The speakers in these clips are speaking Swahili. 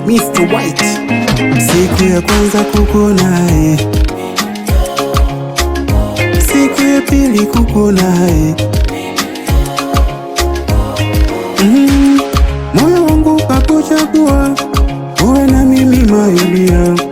Mr. White. Siku ya kwanza kuko naye, siku ya pili kuko naye, mm-hmm. moyo mm, wangu kakuchagua uwe na mimi mayulia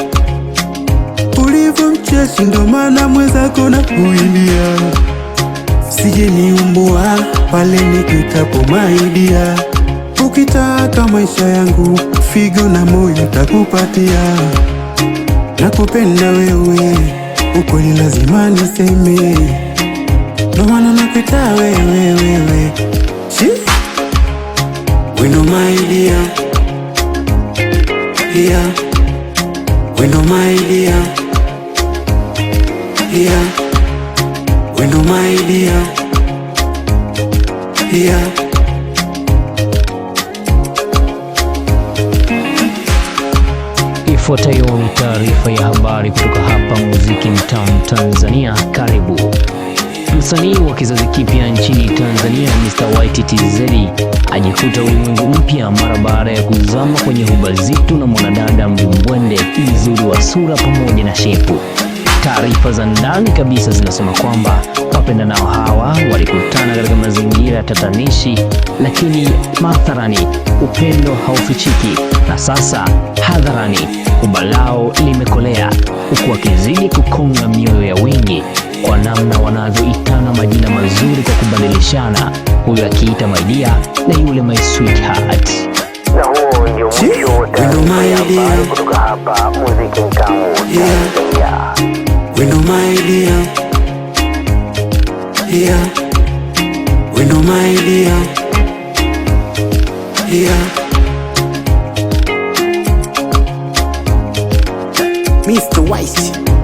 hivyo mcheshi, ndo maana mwenzako na kuimbia. Sije niumbua pale nikikapomaidia, ukitaka maisha yangu figo na moyo takupatia. Nakupenda wewe, ukweli lazima niseme, ndo maana nakuita wewe, wewe wino maidia, yeah wino maidia dear, know my dear, dear. Ifuatayo ni taarifa ya habari kutoka hapa Muziki Mtamu Tanzania. Karibu. Msanii wa kizazi kipya nchini Tanzania Mr. YTTZ ajikuta ulimwengu mpya mara baada ya kuzama kwenye huba zitu na mwanadada mbumbwende mzuri wa sura pamoja na shepu. Taarifa za ndani kabisa zinasema kwamba wapendanao hawa walikutana katika mazingira ya tatanishi, lakini matharani upendo haufichiki, na sasa hadharani ubalao limekolea, huku wakizidi kukonga mioyo ya wengi kwa namna wanavyoitana majina mazuri kwa kubadilishana, huyo akiita maidia na yule my sweetheart. Si? You know my idea. Yeah. We know my idea. Yeah. We know my idea. Yeah. Mr. White.